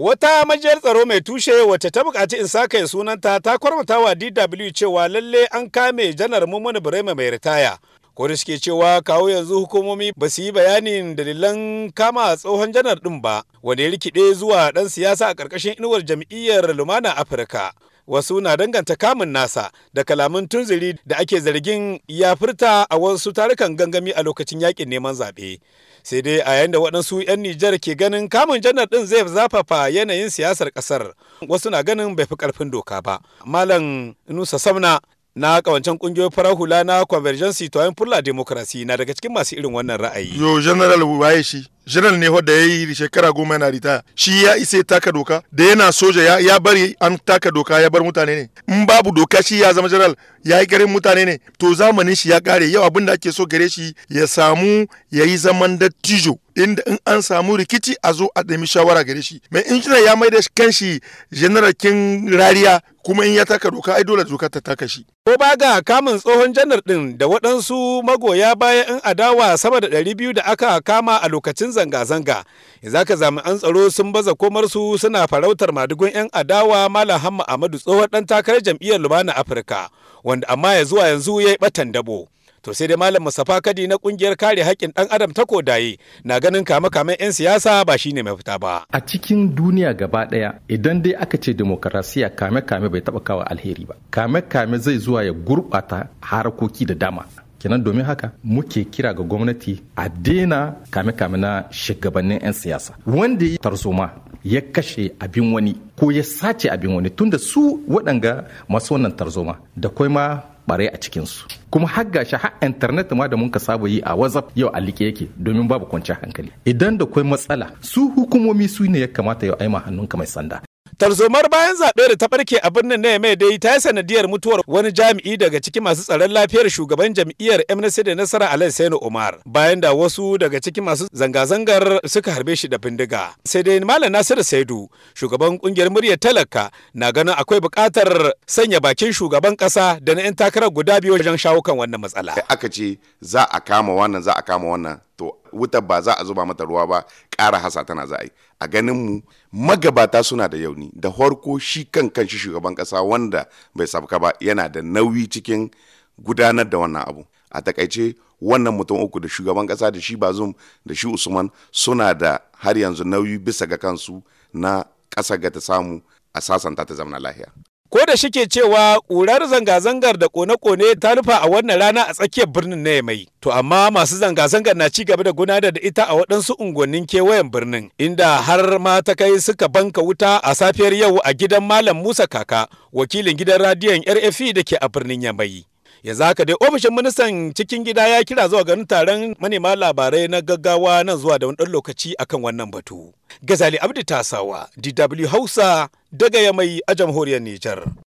Wata majiyar tsaro mai tushe wacce ta bukaci in saka sunanta ta kwarmata wa DW cewa lalle an kame janar Mummuni Birema mai ritaya. Ko da suke cewa kawo yanzu hukumomi ba su yi bayanin dalilan kama tsohon janar ɗin ba, wanda ya rikide zuwa ɗan siyasa a ƙarƙashin inuwar jam'iyyar Lumana Afirka. wasu na danganta kamun nasa da kalaman tunziri da ake zargin ya furta a wasu tarukan gangami a lokacin yakin neman zaɓe sai dai a yayin da waɗansu 'yan nijar ke ganin kamun janar ɗin zai zafafa yanayin siyasar ƙasar wasu na ganin bai fi ƙarfin doka ba malam nusa samna na kawancen kungiyoyin farar hula na convergence to ayin fulla democracy na daga cikin masu irin wannan ra'ayi yo general waye shi general ne wanda ya yi shekara goma yana rita shi ya isa taka doka da yana soja ya, ya bari an taka doka ya bar mutane ne in babu doka shi ya zama general ya yi garin mutane ne to zamanin shi ya kare yau abin da ake so gare shi ya samu ya yi zaman dattijo inda in an samu rikici a zo a ɗami shawara gare shi mai injina ya maida kanshi general kin rariya kuma in ya taka doka ai dole doka ta taka shi. Ko ba ga kamun tsohon janar din da waɗansu magoya baya in adawa sama da ɗari biyu da aka kama a lokacin zanga-zanga. Za ka jami'an tsaro sun baza komar su suna farautar madugun 'yan adawa Malam Hamma amadu tsohon ɗan takarar jam'iyyar Lumana Afirka wanda amma ya zuwa yanzu ya yi ɓatan dabo. to sai dai malam Mustapha Kadi na kungiyar kare hakkin ɗan adam ta kodaye na ganin kame-kamen 'yan siyasa ba shine mafita ba a cikin duniya gaba ɗaya idan dai aka ce demokarasiya kame-kame bai taɓa kawo alheri ba kame-kame zai zuwa ya gurɓata harkoki da dama kenan domin haka muke kira ga gwamnati a daina kame-kame na shugabannin 'yan siyasa wanda ya tarzoma ya kashe abin wani ko ya sace abin wani tunda su waɗanga masu wannan tarzoma da kwai ma ɓare a cikinsu kuma har gashi har internet ma da mun ka saba yi a whatsapp yau a like yake domin babu kwanciyar hankali idan da kwai matsala su hukumomi su ne ya kamata yau aima hannunka mai sanda tarzomar bayan zaɓe da ta ɓarke a birnin na mai dai ta yi sanadiyar mutuwar wani jami'i daga ciki masu tsaron lafiyar shugaban jam'iyyar mnc da nasara Sani umar bayan da wasu daga cikin masu zanga-zangar suka harbe shi da bindiga sai dai malam nasiru saidu shugaban kungiyar muryar talaka na ganin akwai buƙatar sanya bakin shugaban ƙasa da na 'yan takarar guda biyu wajen shawo kan wannan matsala aka ce za a kama wannan za a kama wannan to wutar ba za a zuba mata ruwa ba ƙara hasa tana za a yi a ganin mu magabata suna da yauni da harko shi kan kan shi shugaban ƙasa wanda bai sabka ba yana da nauyi cikin gudanar da wannan abu a takaice wannan mutum uku da shugaban ƙasa da shi bazum da shi usman suna da har yanzu nauyi bisa ga kansu na ƙasa ga ta samu a sasanta ta zama lahiya da ke cewa ƙurar zanga-zangar da kone-kone ta nufa a wannan rana a tsakiyar birnin na mai To amma masu zanga-zangar na ci gaba da gudanar da ita a waɗansu unguwannin kewayen birnin inda har ma ta kai suka banka wuta a safiyar yau a gidan Malam Musa Kaka wakilin gidan radiyon RFI da ke a birnin Yamai. yanzu haka dai ofishin ministan cikin gida ya kira zuwa ganin taron manema labarai na gaggawa nan zuwa da wani ɗan lokaci akan wannan batu gazali abdi tasawa dw hausa daga yamai a jamhuriyar nijar